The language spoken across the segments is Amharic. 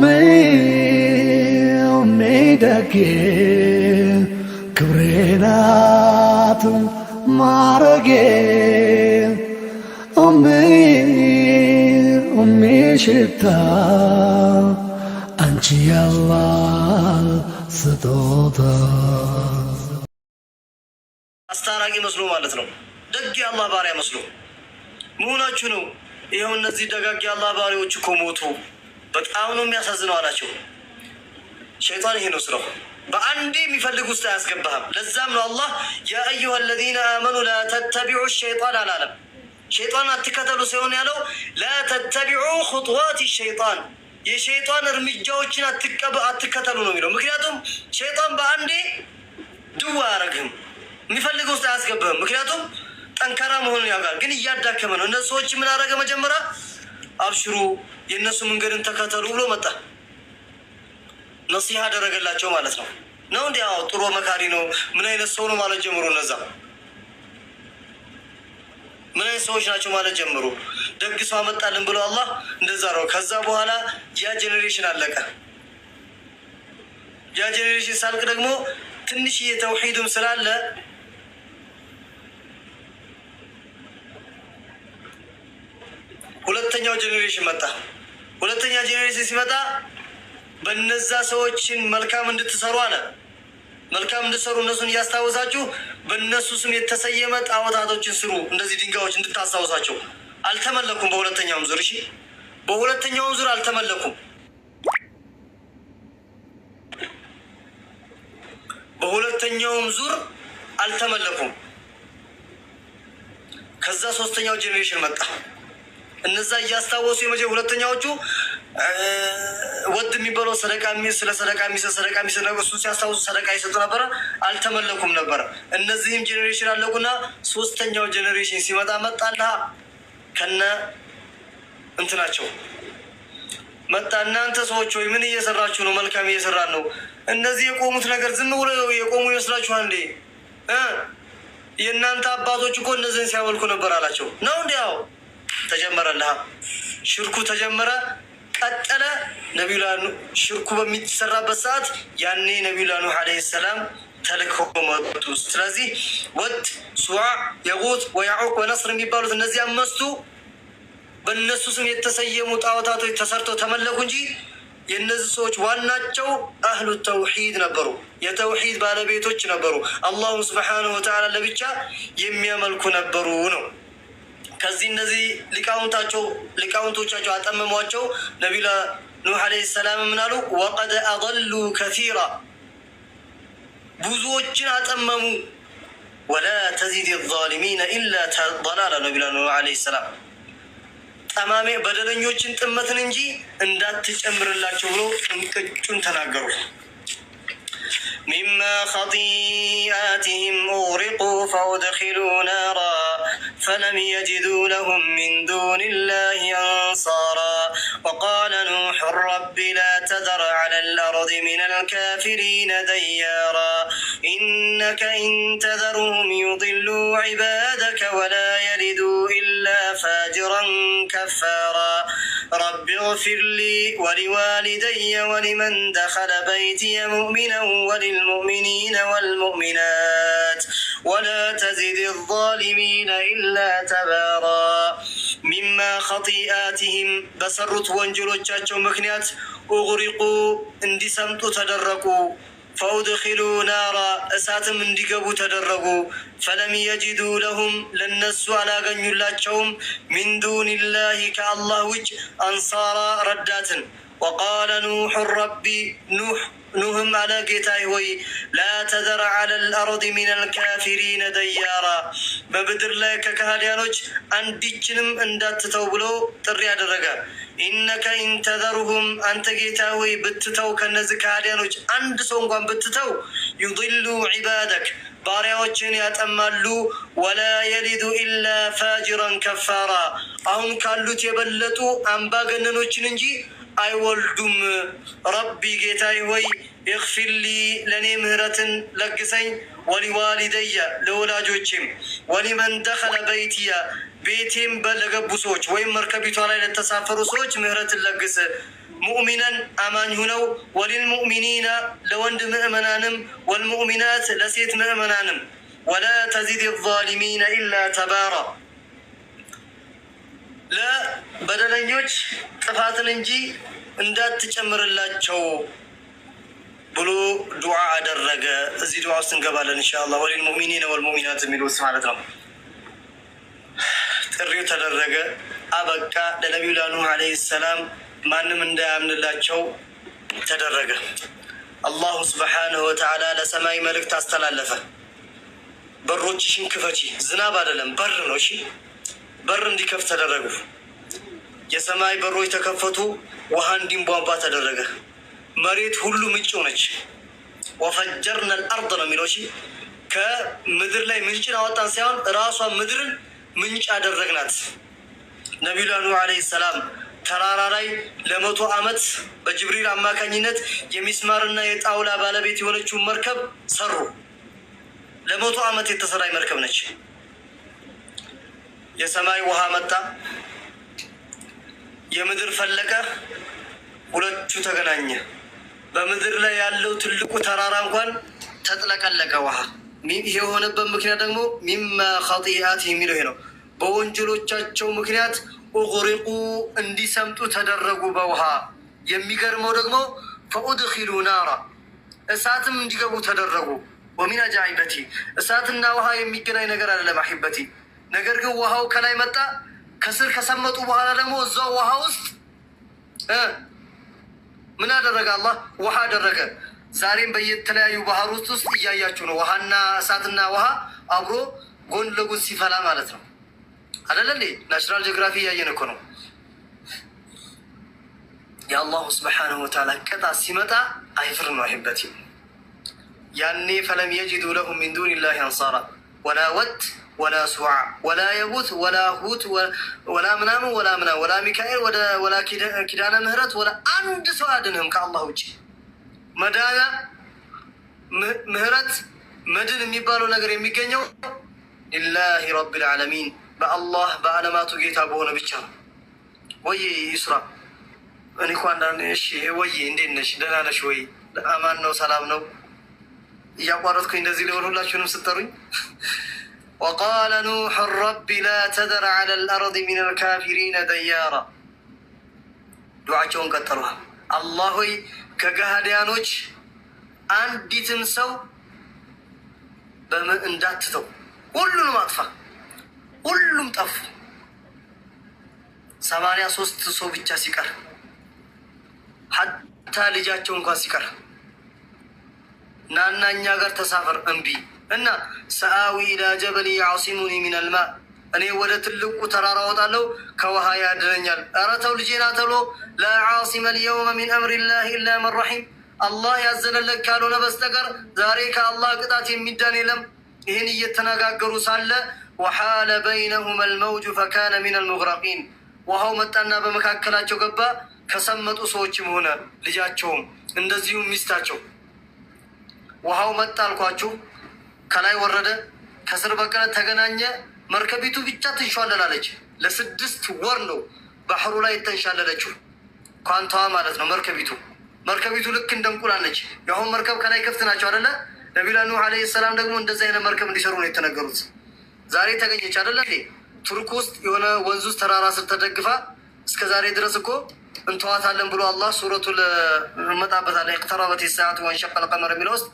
ሜሜደጌ ክብሬናት ማረጌ ሽታ አንቺ ያላ ስጦታ አስታራቂ መስሎ ማለት ነው። ደግ የአላህ ባሪያ መስሎ መሆናችሁ ነው። ይኸው እነዚህ ደጋግ የአላህ ባሪያዎች እኮ ሞቱ። በጣም ነው የሚያሳዝነው አላቸው። ሸይጣን ይሄ ነው ስራው። በአንዴ የሚፈልግ ውስጥ አያስገባህም። ለዛም ነው አላህ ያ አዩሃ አለዚነ አመኑ ላ ተተቢዑ ሸይጣን አላለም። ሸይጣን አትከተሉ ሲሆን ያለው ላ ተተቢዑ ኹጥዋት ሸይጣን፣ የሸይጣን እርምጃዎችን አትከተሉ ነው የሚለው። ምክንያቱም ሸይጣን በአንዴ ድዋ አያረግህም፣ የሚፈልግ ውስጥ አያስገባህም። ምክንያቱም ጠንካራ መሆኑን ያውቃል፣ ግን እያዳከመ ነው። እነሱ ሰዎች ምን አረገ መጀመሪያ አብሽሩ፣ የእነሱ መንገድን ተከተሉ ብሎ መጣ። ነሲሃ አደረገላቸው ማለት ነው። ነው እንዲ ጥሩ መካሪ ነው። ምን አይነት ሰው ነው ማለት ጀምሮ እነዛ ምን አይነት ሰዎች ናቸው ማለት ጀምሮ ደግ ሰው አመጣልን ብሎ አላህ እንደዛ ነው። ከዛ በኋላ ያ ጀኔሬሽን አለቀ። ያ ጀኔሬሽን ሳልቅ ደግሞ ትንሽዬ የተውሒዱም ስላለ ሁለተኛው ጀኔሬሽን መጣ። ሁለተኛ ጀኔሬሽን ሲመጣ በነዛ ሰዎችን መልካም እንድትሰሩ አለ። መልካም እንድትሰሩ እነሱን እያስታወሳችሁ በእነሱ ስም የተሰየመ ጣዖታቶችን ስሩ። እንደዚህ ድንጋዮች እንድታስታውሳቸው አልተመለኩም። በሁለተኛውም ዙር እሺ፣ በሁለተኛውም ዙር አልተመለኩም። በሁለተኛውም ዙር አልተመለኩም። ከዛ ሶስተኛው ጄኔሬሽን መጣ። እነዛ እያስታወሱ የመጀ ሁለተኛዎቹ ወድ የሚበለው ሰደቃ ስለ ሰደቃ ሚስ ሰደቃ ሚስ እሱ ሲያስታውሱ ሰደቃ ይሰጡ ነበረ፣ አልተመለኩም ነበረ። እነዚህም ጄኔሬሽን አለቁና ሶስተኛው ጄኔሬሽን ሲመጣ መጣና ከነ እንትናቸው መጣ። እናንተ ሰዎች ወይ ምን እየሰራችሁ ነው? መልካም እየሰራን ነው። እነዚህ የቆሙት ነገር ዝም ብሎ የቆሙ ይመስላችኋል እንዴ? የእናንተ አባቶች እኮ እነዚህን ሲያመልኩ ነበር አላቸው። ነው እንዲያው ተጀመረልሃ ሽርኩ ተጀመረ ቀጠለ። ነቢዩላ ሽርኩ በሚሰራበት ሰዓት ያኔ ነቢዩላ ኑህ ዓለይሂ ሰላም ተልከው መጡ። ስለዚህ ወጥ፣ ሱዓ፣ የቁት፣ ወያዑቅ ወነስር የሚባሉት እነዚህ አምስቱ በእነሱ ስም የተሰየሙ ጣዖታቶች ተሰርተው ተመለኩ እንጂ የእነዚህ ሰዎች ዋናቸው አህሉ ተውሂድ ነበሩ። የተውሂድ ባለቤቶች ነበሩ። አላሁ ስብሓነሁ ወተዓላ ለብቻ የሚያመልኩ ነበሩ ነው ከዚህ እነዚህ ሊቃውንታቸው ሊቃውንቶቻቸው አጠመሟቸው። ነቢዩላ ኑህ ዓለይሂ ሰላም ምናሉ ወቀድ አሉ ከሲራ ብዙዎችን አጠመሙ። ወላ ተዚድ ዛሊሚነ ኢላ ضላላ ነቢዩላ ኑህ ዓለይሂ ሰላም ጠማሜ በደለኞችን ጥመትን እንጂ እንዳትጨምርላቸው ብሎ እንቅጩን ተናገሩ። ሚማ ኸጢአትህም ኡግሪቁ ፈኡድኪሉ ናራ فلم يجدوا لهم من دون الله أنصارا وقال نوح رب لا تذر على الأرض من الكافرين ديارا إنك إن تذرهم يضلوا عبادك ولا يلدوا إلا فاجرا كفارا رب اغفر لي ولوالدي ولمن دخل بيتي مؤمنا وللمؤمنين والمؤمنات ولا تزد الظالمين إلا تبارا مما خطيئاتهم بسرت وانجلوቻቸው ምክንያት እغرقو እንዲሰምጡ ተደረቁ ፈኡድኪሉ ናራ እሳትም እንዲገቡ ተደረጉ። ፈለም የጅዱ ለሁም ለነሱ አላገኙላቸውም ሚን ዱንላሂ ከአላህ ውጭ አንሳራ ረዳትን ወቃለ ኑሕ ረቢ ኑሕ ኑህም አለ ጌታዬ ሆይ ላ ተዘር አለ ልአርድ ሚን አልካፊሪነ ደያራ በምድር ላይ ከካህዲያኖች አንዲችንም እንዳትተው ብሎ ጥሪ ያደረጋል። ኢነከ ኢንተዘርሁም አንተ ጌታ ሆይ ብትተው ከነዚህ ካህዲያኖች አንድ ሰው እንኳን ብትተው ዩሉ ዒባደክ ባሪያዎችን ያጠማሉ። ወላ የሊዱ ኢላ ፋጅራን ከፋራ አሁን ካሉት የበለጡ አምባገነኖችን እንጂ አይወልዱም። ረቢ ጌታይ ሆይ እክፊርሊ ለእኔ ምህረትን ለግሰኝ፣ ወሊዋሊደየ ለወላጆቼም፣ ወሊመን ደኸለ በይትያ ቤቴም ለገቡ ሰዎች ወይም መርከቢቷ ላይ ለተሳፈሩ ሰዎች ምህረትን ለግስ፣ ሙእሚነን አማኝ ሁነው፣ ወሊልሙእሚኒና ለወንድ ምእመናንም፣ ወልሙእሚናት ለሴት ምእመናንም፣ ወላ ተዚድ ዛሊሚነ ኢላ ተባራ ለበደለኞች ጥፋትን እንጂ እንዳትጨምርላቸው ብሎ ዱዓ አደረገ። እዚህ ዱዓ ውስጥ እንገባለን ኢንሻአላህ። ወሊል ሙእሚኒነ ወልሙእሚናት የሚል ውስጥ ማለት ነው። ጥሪው ተደረገ፣ አበቃ። ለነቢዩ ላኑህ አለይሂ ሰላም ማንም እንዳያምንላቸው ተደረገ። አላሁ ስብሓንሁ ወተዓላ ለሰማይ መልእክት አስተላለፈ። በሮችሽን ክፈቺ። ዝናብ አይደለም በር ነው። እሺ በር እንዲከፍት ተደረጉ። የሰማይ በሮች ተከፈቱ፣ ውሃ እንዲንቧባ ተደረገ። መሬት ሁሉ ምንጭ ሆነች። ወፈጀርና ልአርድ ነው የሚለው ከምድር ላይ ምንጭን አወጣን ሳይሆን ራሷ ምድርን ምንጭ አደረግናት። ነቢዩላህ ኑህ ዓለይሂ ሰላም ተራራ ላይ ለመቶ ዓመት በጅብሪል አማካኝነት የሚስማርና የጣውላ ባለቤት የሆነችውን መርከብ ሰሩ። ለመቶ ዓመት የተሰራች መርከብ ነች። የሰማይ ውሃ መጣ፣ የምድር ፈለቀ፣ ሁለቱ ተገናኘ። በምድር ላይ ያለው ትልቁ ተራራ እንኳን ተጥለቀለቀ ውሃ። ይህ የሆነበት ምክንያት ደግሞ ሚማ ኸጢአት የሚለው ይሄ ነው። በወንጀሎቻቸው ምክንያት ኡቁሪቁ እንዲሰምጡ ተደረጉ በውሃ። የሚገርመው ደግሞ ፈኡድኪሉ ናራ እሳትም እንዲገቡ ተደረጉ። ወሚን አጃይበቲ እሳትና ውሃ የሚገናኝ ነገር አይደለም አሒበቲ ነገር ግን ውሃው ከላይ መጣ። ከስር ከሰመጡ በኋላ ደግሞ እዛው ውሃ ውስጥ ምን አደረገ? አላህ ውሃ አደረገ። ዛሬም በየተለያዩ ባህር ውስጥ ውስጥ እያያችሁ ነው። ውሃና እሳትና ውሃ አብሮ ጎን ለጎን ሲፈላ ማለት ነው አደለ ናሽናል ጂኦግራፊ እያየን እኮ ነው። የአላሁ ስብሓነሁ ወተዓላ ቅጣት ሲመጣ አይፍር ነው አይበት ያኔ ፈለም የጅዱ ለሁም ሚን ዱኒ አንሳራ ወላ ወት ወላ ሱዓ ወላ የቡት ወላ ሁት ወላ ምናምን ወላ ምና ወላ ሚካኤል ወላ ኪዳነ ምህረት ወላ አንድ ሰው አድንህም ከአላህ ውጭ። መዳና ምህረት መድን የሚባለው ነገር የሚገኘው ሊላሂ ረቢል ዓለሚን በአላህ በአለማቱ ጌታ በሆነ ብቻ ነው። ወይ ይስራ እኔ እኮ አንዳንድ ወይ እንዴት ነሽ? ደህና ነሽ ወይ? አማን ነው ሰላም ነው እያቋረጥኩኝ እንደዚህ ሊሆን ሁላችሁንም ስጠሩኝ وقال نوح رب لا تذر على الأرض من الكافرين ديارا ዱዓቸውን ቀጠሏል። አላህ ሆይ ከገሃዲያኖች አንዲትን ሰው እንዳትተው፣ ሁሉንም አጥፋ። ሁሉም ጠፉ። ሰማንያ ሶስት ሰው ብቻ ሲቀር ሀታ ልጃቸው እንኳን ሲቀር ናና እኛ ጋር ተሳፈር እምቢ እና ሰአዊ ኢላ ጀበል ያዕሲሙኒ ሚነልማ እኔ ወደ ትልቁ ተራራ ወጣለሁ፣ ከውሃ ያድነኛል። እረተው ተው ልጄና ተብሎ ላዓሲመ ልየውመ ሚን ላህ ኢላ መን ረሒም አላህ ያዘነለት ካልሆነ በስተቀር ዛሬ ከአላህ ቅጣት የሚዳን የለም። ይህን እየተነጋገሩ ሳለ ወሓለ በይነሁም ልመውጁ ፈካነ ሚን አልሙግረቂን ውሃው መጣና በመካከላቸው ገባ። ከሰመጡ ሰዎችም ሆነ ልጃቸውም እንደዚሁም ሚስታቸው ውሃው መጣ አልኳችሁ ከላይ ወረደ፣ ከስር በቀለ ተገናኘ። መርከቢቱ ብቻ ትንሸዋለላለች። ለስድስት ወር ነው ባህሩ ላይ የተንሻለለችው ኳንታዋ ማለት ነው። መርከቢቱ መርከቢቱ ልክ እንደ እንቁላል ነች። የአሁን መርከብ ከላይ ክፍት ናቸው አደለ? ነቢላ ኑህ ዓለይሂ ሰላም ደግሞ እንደዚ አይነት መርከብ እንዲሰሩ ነው የተነገሩት። ዛሬ ተገኘች አደለ? ቱርክ ውስጥ የሆነ ወንዝ ውስጥ ተራራ ስር ተደግፋ እስከ ዛሬ ድረስ እኮ እንተዋታለን ብሎ አላህ ሱረቱ ለመጣበታለ ኢቅተረበት ሰዓት ወንሸቀል ቀመር የሚለው ውስጥ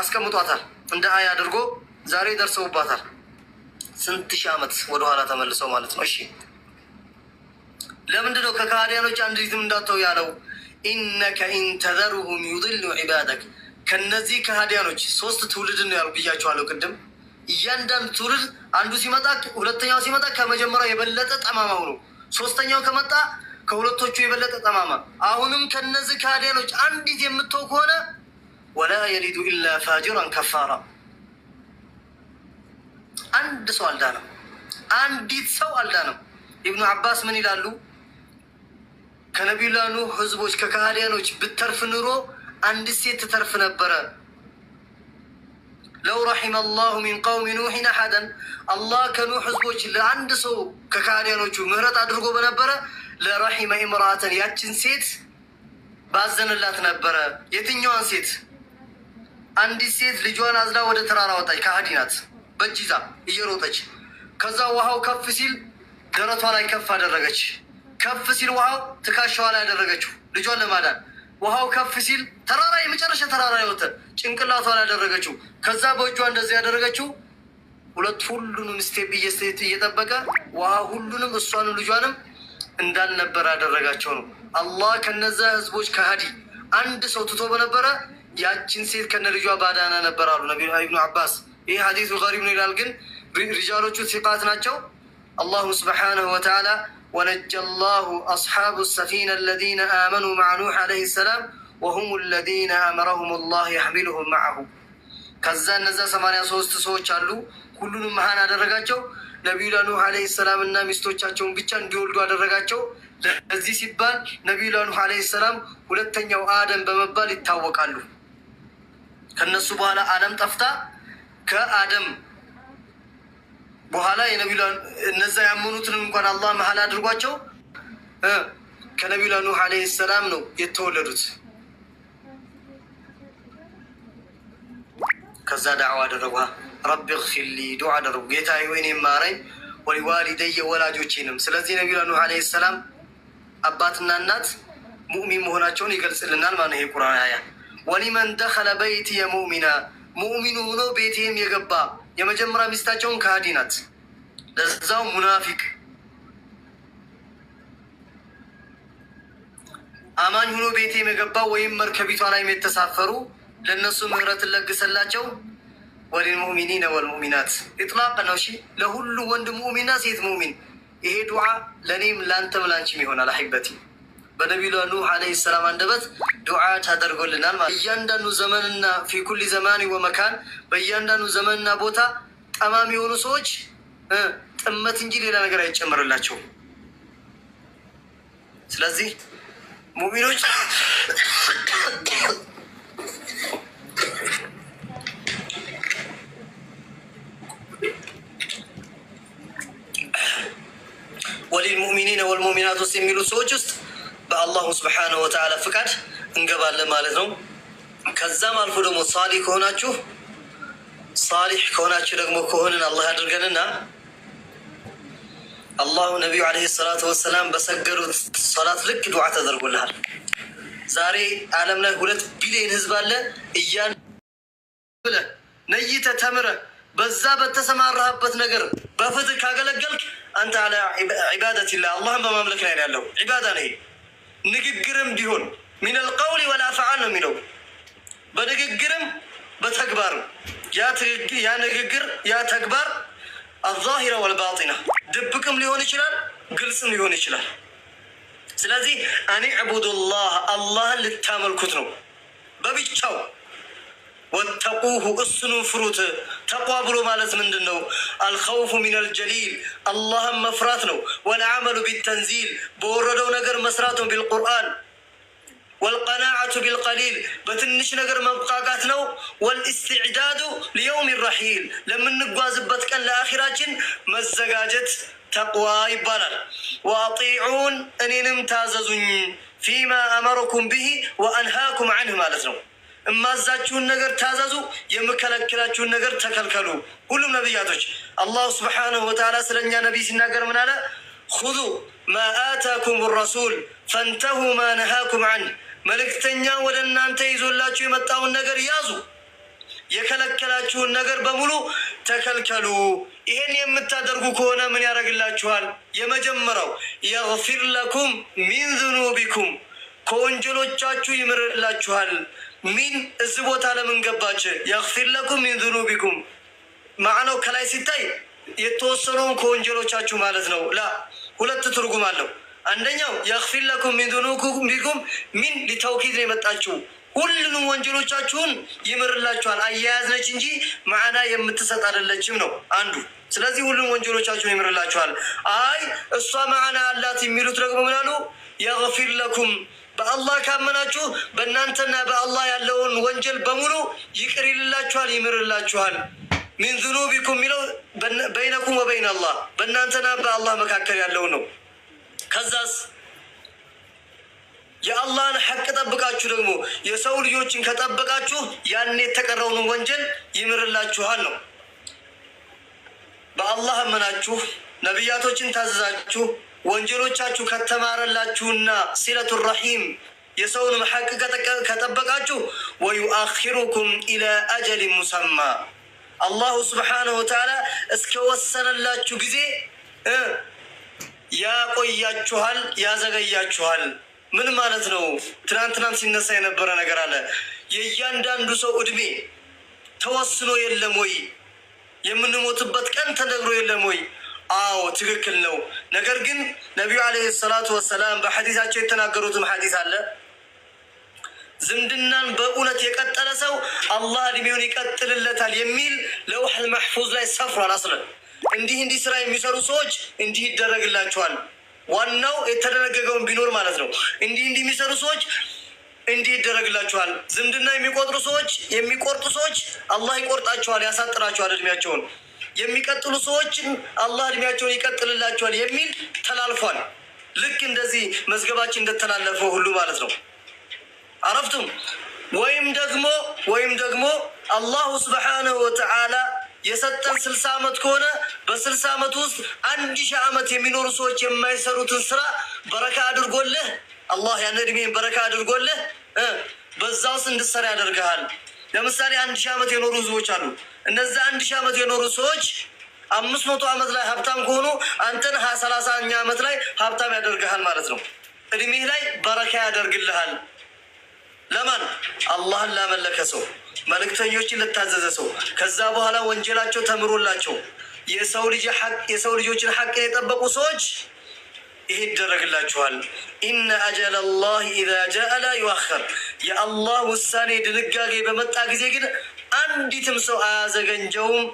አስቀምጧታል። እንደ አይ አድርጎ ዛሬ ደርሰውባታል። ስንት ሺህ ዓመት ወደኋላ ተመልሰው ማለት ነው። እሺ ለምንድነው ከካህዲያኖች አንድ ሪትም እንዳተው ያለው? ኢነከ ኢንተዘርሁም ዩድሉ ዒባደክ ከነዚህ ከሃዲያኖች ሶስት ትውልድ ነው ያሉ ብያቸዋለሁ ቅድም። እያንዳንዱ ትውልድ አንዱ ሲመጣ ሁለተኛው ሲመጣ ከመጀመሪያው የበለጠ ጠማማው ነው። ሶስተኛው ከመጣ ከሁለቶቹ የበለጠ ጠማማ። አሁንም ከነዚህ ከሃዲያኖች አንዲት የምትተው ከሆነ ወላ የሊዱ ኢላ ፋጅራን ከፋራ። አንድ ሰው አልዳነም፣ አንዲት ሰው አልዳነም። ኢብኑ አባስ ምን ይላሉ? ከነቢዩላ ኑህ ህዝቦች ከካህዲያኖች ብተርፍ ኑሮ አንድ ሴት ትተርፍ ነበረ። ለው ረሒመ ላሁ ሚን ቀውሚ ኑሕን አሐደን አላህ ከኑህ ህዝቦች ለአንድ ሰው ከካህዲያኖቹ ምህረት አድርጎ በነበረ ለረሒመ ኢምራአተን ያችን ሴት ባዘንላት ነበረ። የትኛዋን ሴት አንዲት ሴት ልጇን አዝላ ወደ ተራራ ወጣች። ከሀዲ ናት። በእጅ ይዛ እየሮጠች ከዛ ውሃው ከፍ ሲል ደረቷ ላይ ከፍ አደረገች። ከፍ ሲል ውሃው ትከሻዋ ላይ አደረገችው ልጇን ለማዳን። ውሃው ከፍ ሲል ተራራ የመጨረሻ ተራራ ይወተ ጭንቅላቷ ላይ አደረገችው። ከዛ በእጇ እንደዚህ ያደረገችው ሁለት ሁሉንም ስቴፕ እየስቴት እየጠበቀ ውሃ ሁሉንም እሷንም ልጇንም እንዳልነበረ ያደረጋቸው ነው። አላህ ከነዛ ህዝቦች ከሀዲ አንድ ሰው ትቶ በነበረ ያችን ሴት ከነ ልጇ ባዳና ነበር አሉ ነቢ ብኑ አባስ። ይህ ሀዲሱ ገሪብ ነው ይላል። ግን ሪጃሎቹ ሲቃት ናቸው። አላሁ ስብሓነሁ ወተዓላ ወነጀ ላሁ አስሓቡ ሰፊና አለዚነ አመኑ ማዓ ኑሕ ዓለይሂ ሰላም ወሁም አለዚነ አመረሁም ላህ የሕሚሉሁም ማዓሁ። ከዛ እነዛ ሰማንያ ሶስት ሰዎች አሉ። ሁሉንም መሀን አደረጋቸው። ነቢዩ ኑህ ዓለይሂ ሰላም እና ሚስቶቻቸውን ብቻ እንዲወልዱ አደረጋቸው። ለዚህ ሲባል ነቢዩላ ኑህ ዓለይሂ ሰላም ሁለተኛው አደም በመባል ይታወቃሉ። ከነሱ በኋላ አለም ጠፍታ ከአደም በኋላ የነቢላ እነዛ ያመኑትን እንኳን አላህ መሀል አድርጓቸው ከነቢላ ኑህ አለይሂ ሰላም ነው የተወለዱት። ከዛ ዳዕዋ አደረጉ። ረቢ ግፊርሊ ዱዓ አደረጉ። ጌታ ወይን የማረኝ ወሊዋሊደየ ወላጆቼንም። ስለዚህ ነቢላ ኑህ አለይሂ ሰላም አባትና እናት ሙእሚን መሆናቸውን ይገልጽልናል ማለት ይሄ ቁርአን አያ ወሊመን ደኸለ በይትየ ሙእሚና ሙእሚኑ ሆኖ ቤቴም የገባ የመጀመሪያ ሚስታቸውን ከሃዲ ናት፣ ለዛው ሙናፊቅ አማኝ ሆኖ ቤቴም የገባ ወይም መርከቢቷ ላይ የተሳፈሩ ለእነሱ ምህረትን ለግሰላቸው። ወልሙእሚኒነ ወልሙእሚናት ኢጥላቅ ነው። እሺ ለሁሉ ወንድ ሙእሚንና ሴት ሙእሚን። ይሄ ዱዓ ለእኔም ለአንተም ላንቺም ይሆናል አሒበቲ በነቢዩ ኑህ ዓለይሂ ሰላም አንደበት ዱዓ ታደርጎልናል ማለት እያንዳንዱ ዘመንና ፊኩል ዘማን ወመካን በእያንዳንዱ ዘመንና ቦታ ጠማሚ የሆኑ ሰዎች ጥመት እንጂ ሌላ ነገር አይጨመርላቸውም። ስለዚህ ሙሚኖች ወሊል ሙእሚኒን ወልሙእሚናት ውስጥ የሚሉት ሰዎች ውስጥ በአላሁ ስብሓነሁ ወተዓላ ፍቃድ እንገባለን ማለት ነው። ከዛም አልፎ ደግሞ ሳሊ ከሆናችሁ ሳሊሕ ከሆናችሁ ደግሞ ከሆንን አላህ አድርገንና አላሁ ነቢዩ ዓለይሂ ሰላቱ ወሰላም በሰገዱት ሰላት ልክ ዱዓ ተደርጎልሃል። ዛሬ ዓለም ላይ ሁለት ቢሊዮን ህዝብ አለ። እያን ብለህ ነይተ ተምረህ በዛ በተሰማራህበት ነገር በፍትህ ካገለገልክ አንተ አላ ዒባደት ላ አላህን በማምለክ ላይ ያለው ዒባዳ ነው። ንግግርም ቢሆን ሚነል ቀውል ወላ ፈዓል ነው የሚለው በንግግርም በተግባር ያ ንግግር ያ ተግባር አዛሂራ ወልባጢና ድብቅም ሊሆን ይችላል፣ ግልጽም ሊሆን ይችላል። ስለዚህ አኒ ዕቡዱላህ አላህን ልታመልኩት ነው በብቻው ወተቁሁ እሱንም ፍሩት ተቋ ብሎ ማለት ምንድን ነው? አልኸውፉ ሚነል ጀሊል አላህን መፍራት ነው። ወልዓመሉ ቢተንዚል በወረደው ነገር መስራት ነው። ቢልቁርአን ወልቀናዓቱ ቢልቀሊል በትንሽ ነገር መብቃቃት ነው። ወልእስትዕዳዱ ሊየውም ረሒል ለምንጓዝበት ቀን ለአኺራችን መዘጋጀት ተቅዋ ይባላል። ወአጢዑን እኔንም ታዘዙኝ ፊማ አመረኩም ብሂ ወአንሃኩም አንህ ማለት ነው። እማዛችሁን ነገር ታዘዙ፣ የምከለክላችሁን ነገር ተከልከሉ። ሁሉም ነቢያቶች አላሁ ስብሓነሁ ወተዓላ ስለ እኛ ነቢይ ሲናገር ምን አለ? ሁዙ ማ አታኩም ረሱል ፈንተሁ ማ ነሃኩም አን መልእክተኛ ወደ እናንተ ይዞላችሁ የመጣውን ነገር ያዙ፣ የከለከላችሁን ነገር በሙሉ ተከልከሉ። ይሄን የምታደርጉ ከሆነ ምን ያደርግላችኋል? የመጀመረው የግፊር ለኩም ሚን ዝኑቢኩም ከወንጀሎቻችሁ ይምርላችኋል። ሚን እዚህ ቦታ ለምን ገባች? የክፊር ለኩም ሚን ዙኑቢኩም ማዕናው ከላይ ሲታይ የተወሰነውን ከወንጀሎቻችሁ ማለት ነው። ላ ሁለት ትርጉም አለው። አንደኛው የክፊር ለኩም ሚን ዙኑቢኩም ሚን ሊተውኪድ ነው የመጣችሁ ሁሉንም ወንጀሎቻችሁን ይምርላችኋል። አያያዝነች እንጂ ማዕና የምትሰጥ አይደለችም ነው አንዱ። ስለዚህ ሁሉም ወንጀሎቻችሁን ይምርላችኋል። አይ እሷ ማዕና አላት የሚሉት ደግሞ ምናሉ የፊር ለኩም በአላህ ካመናችሁ በእናንተና በአላህ ያለውን ወንጀል በሙሉ ይቅር ይልላችኋል፣ ይምርላችኋል። ሚን ዙኑቢኩም የሚለው በይነኩም ወበይን አላህ በእናንተና በአላህ መካከል ያለው ነው። ከዛስ የአላህን ሐቅ ጠብቃችሁ ደግሞ የሰው ልጆችን ከጠበቃችሁ ያኔ የተቀረውን ወንጀል ይምርላችኋል ነው። በአላህ አመናችሁ፣ ነቢያቶችን ታዘዛችሁ ወንጀሎቻችሁ ከተማረላችሁና ሲለቱ ረሒም የሰውን ሐቅ ከጠበቃችሁ ወዩአኪሩኩም ኢላ አጀል ሙሰማ አላሁ ስብሓነሁ ወተዓላ እስከወሰነላችሁ ጊዜ ያቆያችኋል፣ ያዘገያችኋል። ምን ማለት ነው? ትናንትናም ሲነሳ የነበረ ነገር አለ። የእያንዳንዱ ሰው እድሜ ተወስኖ የለም ወይ? የምንሞትበት ቀን ተነግሮ የለም ወይ? አዎ ትክክል ነው። ነገር ግን ነቢዩ አለይሂ ሰላቱ ወሰላም በሐዲሳቸው የተናገሩትም ሐዲስ አለ። ዝምድናን በእውነት የቀጠለ ሰው አላህ እድሜውን ይቀጥልለታል የሚል ለውሕል መሕፉዝ ላይ ሰፍሯል። አስለ እንዲህ እንዲህ ስራ የሚሰሩ ሰዎች እንዲህ ይደረግላቸዋል። ዋናው የተደነገገውን ቢኖር ማለት ነው። እንዲህ እንዲህ የሚሰሩ ሰዎች እንዲህ ይደረግላቸዋል ዝምድና የሚቆጥሩ ሰዎች የሚቆርጡ ሰዎች አላህ ይቆርጣቸዋል፣ ያሳጥራቸዋል እድሜያቸውን የሚቀጥሉ ሰዎችን አላህ እድሜያቸውን ይቀጥልላቸዋል የሚል ተላልፏል። ልክ እንደዚህ መዝገባችን እንደተላለፈው ሁሉ ማለት ነው። አረፍቱም ወይም ደግሞ ወይም ደግሞ አላሁ ስብሓነሁ ወተዓላ የሰጠን ስልሳ ዓመት ከሆነ በስልሳ ዓመት ውስጥ አንድ ሺህ ዓመት የሚኖሩ ሰዎች የማይሰሩትን ስራ በረካ አድርጎልህ አላህ ያን እድሜን በረካ አድርጎልህ በዛ ውስጥ እንድሰራ ያደርግሃል። ለምሳሌ አንድ ሺህ ዓመት የኖሩ ህዝቦች አሉ። እነዛ አንድ ሺህ ዓመት የኖሩ ሰዎች አምስት መቶ ዓመት ላይ ሀብታም ከሆኑ አንተን ሀያ ሰላሳኛ ዓመት ላይ ሀብታም ያደርግሃል ማለት ነው። እድሜህ ላይ በረካ ያደርግልሃል። ለማን? አላህን ላመለከ ሰው፣ መልእክተኞችን ልታዘዘ ሰው። ከዛ በኋላ ወንጀላቸው ተምሮላቸው የሰው ልጆችን ሀቅ የጠበቁ ሰዎች ይሄ ይደረግላችኋል። ኢነ አጀለ ላህ ኢዛ ጃአ ላ ዩአኸር የአላህ ውሳኔ ድንጋጌ በመጣ ጊዜ ግን አንዲትም ሰው አያዘገንጀውም።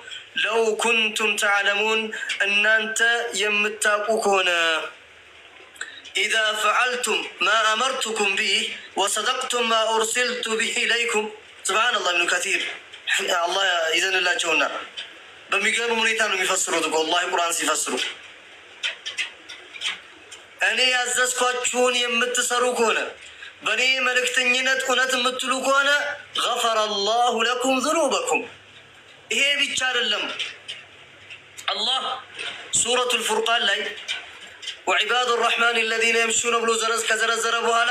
ለው ኩንቱም ተዓለሙን እናንተ የምታውቁ ከሆነ ኢዛ ፈዓልቱም ማ አመርቱኩም ብህ ወሰደቅቱም ማ ኡርሲልቱ ብህ ኢለይኩም። ስብሓነላህ ኢብኑ ከሲር አላህ ይዘንላቸውና በሚገርም ሁኔታ ነው የሚፈስሩት እኮ ወላሂ ቁርአን ሲፈስሩ እኔ ያዘዝኳችሁን የምትሰሩ ከሆነ በእኔ መልእክተኝነት እውነት የምትሉ ከሆነ ገፈረ አላሁ ለኩም ዝኑበኩም። ይሄ ብቻ አይደለም። አላህ ሱረቱ ልፉርቃን ላይ ወዒባዱ ራሕማን ለዚነ የምሹነ ብሎ ከዘረዘረ በኋላ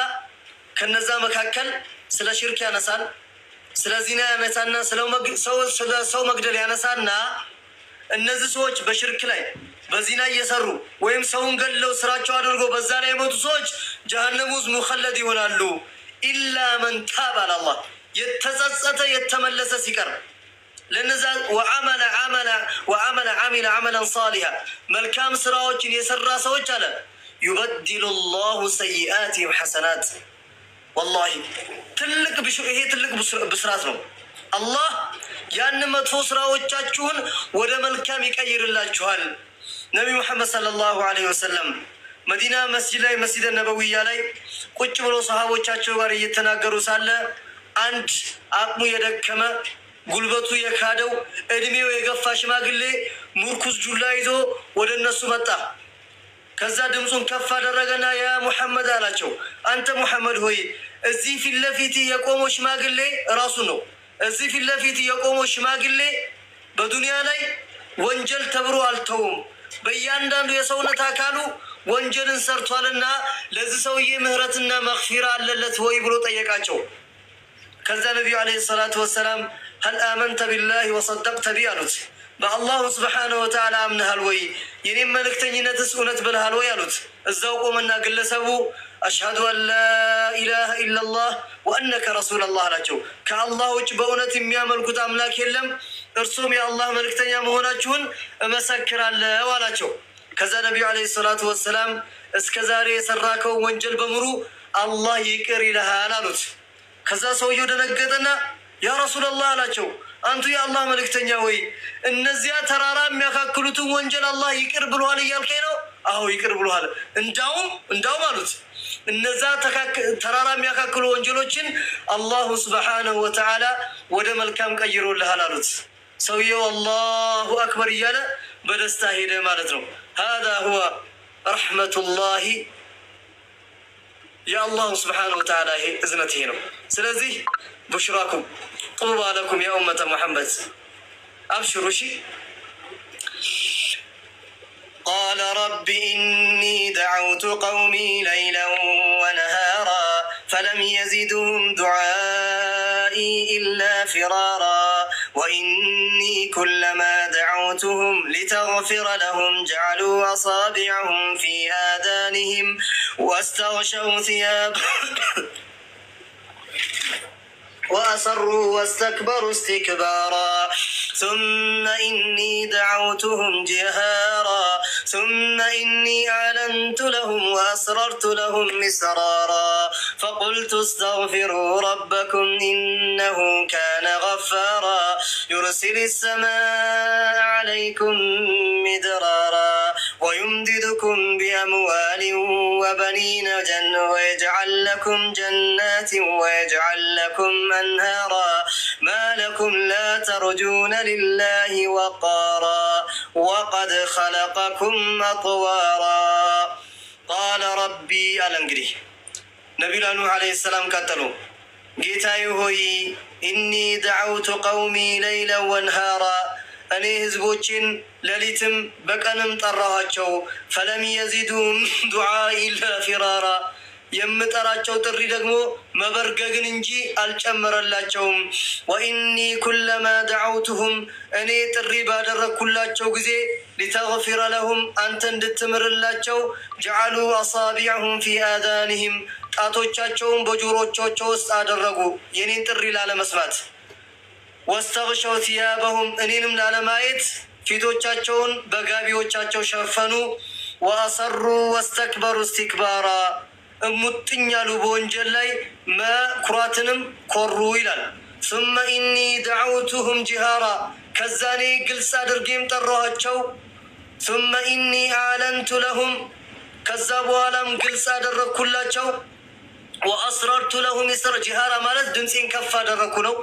ከነዛ መካከል ስለ ሽርክ ያነሳል፣ ስለ ዚና ያነሳና ስለ ሰው መግደል ያነሳና እነዚህ ሰዎች በሽርክ ላይ በዚና እየሰሩ ወይም ሰውን ገለው ስራቸው አድርጎ በዛ ላይ የሞቱ ሰዎች ጀሃነም ውስጥ ሙኸለድ ይሆናሉ። ኢላ መን ታብ አለ የተጸጸተ የተመለሰ ሲቀር ለነዛ ወዓመለ ወዓመለ ዓሚለ ዓመለን ሳሊሃ መልካም ስራዎችን የሰራ ሰዎች አለ ዩበድሉ ላሁ ሰይአትም ሐሰናት። ወላሂ ትልቅ ይሄ ትልቅ ብስራት ነው አላህ ያን መጥፎ ስራዎቻችሁን ወደ መልካም ይቀይርላችኋል። ነቢ ሙሐመድ ሰለላሁ ዐለይሂ ወሰለም መዲና መስጂድ ላይ መስጂደ ነበዊያ ላይ ቁጭ ብሎ ሰሃቦቻቸው ጋር እየተናገሩ ሳለ አንድ አቅሙ የደከመ ጉልበቱ የካደው እድሜው የገፋ ሽማግሌ ሙርኩዝ ጁላ ይዞ ወደ እነሱ መጣ። ከዛ ድምፁን ከፍ አደረገና ያ ሙሐመድ አላቸው፣ አንተ ሙሐመድ ሆይ እዚህ ፊት ለፊት የቆመው ሽማግሌ ራሱ ነው እዚህ ፊት ለፊት የቆመው ሽማግሌ በዱንያ ላይ ወንጀል ተብሎ አልተውም። በእያንዳንዱ የሰውነት አካሉ ወንጀልን ሰርቷልና ለዚህ ሰውዬ ምህረትና መክፊራ አለለት ወይ ብሎ ጠየቃቸው። ከዛ ነቢዩ ዓለይሂ ሰላቱ ወሰላም ሀል አመንተ ቢላሂ ወሰደቅተ ቢ አሉት። በአላሁ ስብሓነ ወተዓላ አምነሃል ወይ የኔም መልእክተኝነትስ እውነት ብልሃል ወይ አሉት። እዛው ቆመና ግለሰቡ አሽሃዱ አላ ኢላሃ ኢላላህ ወአነከ ረሱላላህ አላቸው። ከአላህ ውጭ በእውነት የሚያመልኩት አምላክ የለም፣ እርሱም የአላህ መልእክተኛ መሆናችሁን እመሰክራለሁ አላቸው። ከዛ ነቢዩ ዓለይሂ ሰላቱ ወሰላም እስከ ዛሬ የሰራከውን ወንጀል በሙሉ አላህ ይቅር ይልሃል አሉት። ከዛ ሰውየው ደነገጠና ያ ረሱላላህ አላቸው፣ አንቱ የአላህ መልእክተኛ ወይ እነዚያ ተራራ የሚያካክሉትን ወንጀል አላህ ይቅር ብሎሃል እያልከኝ ነው? አዎ ይቅር ብሎሃል። እንዳውም እንዳውም አሉት እነዛ ተራራ የሚያካክሉ ወንጀሎችን አላሁ ስብሓነሁ ወተዓላ ወደ መልካም ቀይሮልሃል አሉት። ሰውየው አላሁ አክበር እያለ በደስታ ሄደ ማለት ነው። ሃዛ ሁወ ረሕመቱላሂ የአላሁ ስብሓነሁ ወተዓላ እዝነት ይሄ ነው። ስለዚህ ቡሽራኩም ጡባ ለኩም ያ ኡመተ ሙሐመድ አብሽሩ ሺ قال رب إني دعوت قومي ليلا ونهارا فلم يزدهم دعائي إلا فرارا وإني كلما دعوتهم لتغفر لهم جعلوا أصابعهم في آذانهم واستغشوا ثياب وأصروا واستكبروا استكبارا ثم إني دعوتهم جهارا ثم إني أعلنت لهم وأسررت لهم إسرارا فقلت استغفروا ربكم إنه كان غفارا يرسل السماء عليكم مدرارا ويمددكم بأموال وبنين جن ويجعل لكم جنات ويجعل لكم أنهارا ما لكم لا ترجون لله وقارا وقد خلقكم أطوارا قال ربي ألنجري نبي الله عليه السلام قتلوا جيت أيهوي إني دعوت قومي ليلا ونهارا أني هزبوشن لليتم بكنم طرهاتشو فلم يزدوا دعائي إلا فرارا የምጠራቸው ጥሪ ደግሞ መበርገግን እንጂ አልጨመረላቸውም። ወኢኒ ኩለማ ደዓውትሁም እኔ ጥሪ ባደረግኩላቸው ጊዜ ሊተፊረ ለሁም አንተ እንድትምርላቸው ጀዓሉ አሳቢዐሁም ፊ አዛንህም ጣቶቻቸውን በጆሮቻቸው ውስጥ አደረጉ የኔን ጥሪ ላለመስማት። ወስተቅሸው ሲያበሁም እኔንም ላለማየት ፊቶቻቸውን በጋቢዎቻቸው ሸፈኑ። ወአሰሩ ወስተክበሩ እስቲክባራ እሙጥኝ ያሉ በወንጀል ላይ መኩራትንም ኮሩ ይላል። ሱመ ኢኒ ደዐውቱሁም ጅሃራ ከዛኔ ግልጽ አድርጌም ጠራኋቸው። ሱመ ኢኒ አለንቱ ለሁም ከዛ በኋላም ግልጽ አደረግኩላቸው። ወአስረርቱ ለሁም ይስር ጅሃራ ማለት ድምፄን ከፍ አደረግኩ ነው።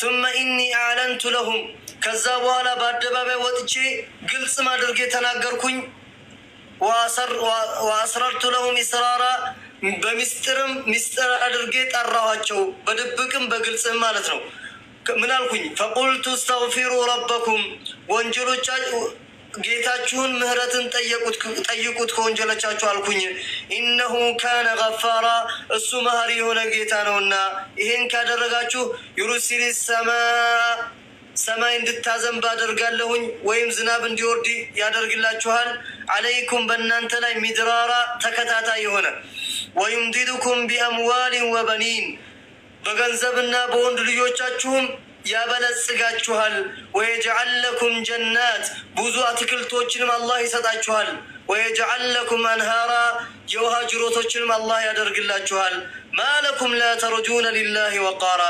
ሱመ ኢኒ አለንቱ ለሁም ከዛ በኋላ በአደባባይ ወጥቼ ግልጽም አድርጌ ተናገርኩኝ። ወአስረርቱ ለሁም ስራራ። በሚስጥርም ሚስጥር አድርጌ ጠራኋቸው፣ በድብቅም በግልጽም ማለት ነው። ምን አልኩኝ? ፈቁልቱ ስተግፊሩ ረበኩም ወንጀሎቻ ጌታችሁን ምህረትን ጠይቁት ከወንጀሎቻችሁ አልኩኝ። ኢነሁ ካነ ገፋራ እሱ መሀሪ የሆነ ጌታ ነውና ይሄን ካደረጋችሁ ዩሩሲሊ ሰማ ሰማይ እንድታዘንብ አደርጋለሁኝ ወይም ዝናብ እንዲወርድ ያደርግላችኋል። አለይኩም በእናንተ ላይ ሚድራራ ተከታታይ የሆነ ወዩምዲድኩም ቢአምዋሊን ወበኒን በገንዘብና በወንድ ልጆቻችሁም ያበለጽጋችኋል። ወየጅዐል ለኩም ጀናት ብዙ አትክልቶችንም አላህ ይሰጣችኋል። ወየጅዐል ለኩም አንሃራ የውሃ ጅሮቶችንም አላህ ያደርግላችኋል። ማለኩም ላ ተርጁነ ሊላሂ ወቃራ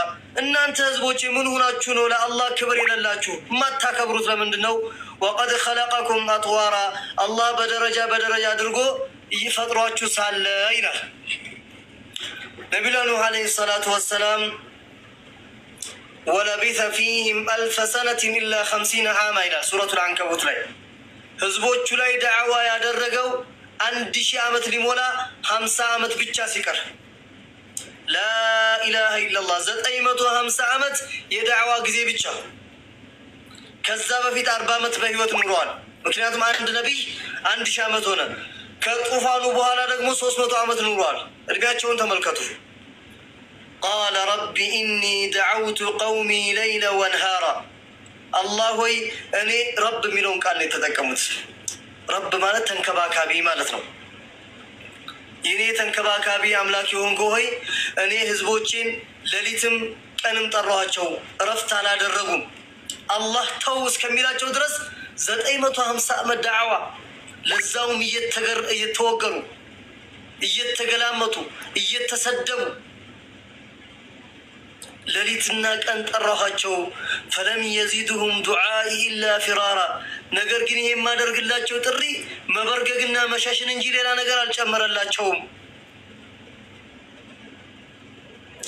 እናንተ ህዝቦች ምን ሆናችሁ ነው ለአላህ ክብር የሌላችሁ የማታከብሩት ለምንድን ነው? ወቀድ ኸለቀኩም አጥዋራ አላህ በደረጃ በደረጃ አድርጎ እየፈጥሯችሁ ሳለ ይላል ነቢላ ኑህ አለይሂ ሰላቱ ወሰላም ወለቢተ ፊህም አልፈ ሰነትን ኢላ ኸምሲነ ዓማ ይላል ሱረቱል አንከቡት ላይ ህዝቦቹ ላይ ዳዕዋ ያደረገው አንድ ሺህ ዓመት ሊሞላ ሀምሳ ዓመት ብቻ ሲቀር ላኢላሃ ኢለላህ ዘጠኝ መቶ ሀምሳ ዓመት የዳዕዋ ጊዜ ብቻ። ከዛ በፊት አርባ ዓመት በህይወት ኑረዋል። ምክንያቱም አንድ ነቢይ አንድ ሺህ ዓመት ሆነ። ከጡፋኑ በኋላ ደግሞ ሶስት መቶ ዓመት ኑሯል። እድሜያቸውን ተመልከቱ። ቃለ ረቢ እኒ ደዐውቱ ቀውሚ ለይለ ወንሃራ አላህ ሆይ እኔ ረብ የሚለውን ቃል ነው የተጠቀሙት። ረብ ማለት ተንከባካቢ ማለት ነው። የእኔ ተንከባካቢ አምላክ የሆንክ ሆይ እኔ ህዝቦቼን ሌሊትም ቀንም ጠራኋቸው፣ እረፍት አላደረጉም። አላህ ተው እስከሚላቸው ድረስ ዘጠኝ መቶ ሀምሳ ዓመት ዳዕዋ لزاوم يتغر يتوغروا يتغلامتوا يتسدبوا لليتنا كان ترهاچو فلم يزيدهم دعائي الا فرارا نغر كن يما توتري تري مبرغغنا مشاشن انجي ديلا نغر الچمرلاچو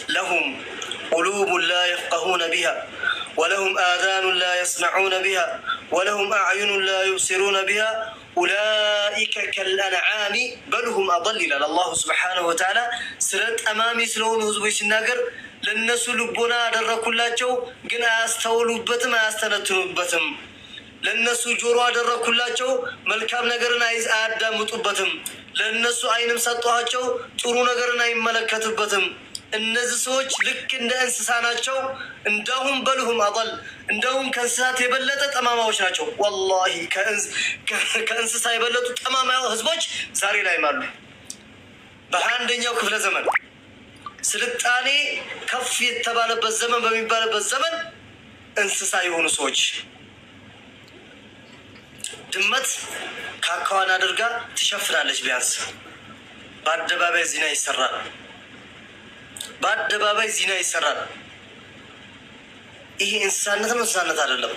لهم قلوب لا يفقهون بها ولهم آذان لا يسمعون بها ولهم أعين لا يبصرون بها ኡላኢከ ከልአንዓሚ በልሁም አضል ይላል አላሁ ስብሓነሁ ወተዓላ ስለ ጠማሚ ስለሆኑ ህዝቦች ሲናገር ለነሱ ልቦና አደረኩላቸው፣ ግን አያስተውሉበትም፣ አያስተነትኑበትም። ለነሱ ጆሮ አደረኩላቸው፣ መልካም ነገርን አያዳምጡበትም። ለነሱ አይንም ሰጠኋቸው፣ ጥሩ ነገርን አይመለከቱበትም። እነዚህ ሰዎች ልክ እንደ እንስሳ ናቸው። እንዳሁም በልሁም አضል እንደውም ከእንስሳት የበለጠ ጠማማዎች ናቸው። ወላሂ ከእንስሳ የበለጡ ጠማማ ህዝቦች ዛሬ ላይም አሉ። በአንደኛው ክፍለ ዘመን ስልጣኔ ከፍ የተባለበት ዘመን በሚባልበት ዘመን እንስሳ የሆኑ ሰዎች ድመት ካካዋን አድርጋ ትሸፍናለች። ቢያንስ በአደባባይ ዜና ይሰራል። በአደባባይ ዜና ይሰራል። ഈ സന്നദ്ധ സന്നദ്ധാരല്ലോ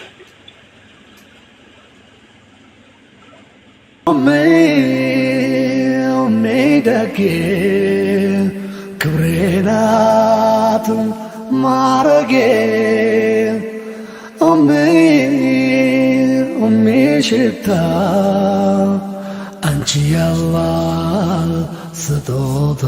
അഞ്ചിയാൽ സുതോത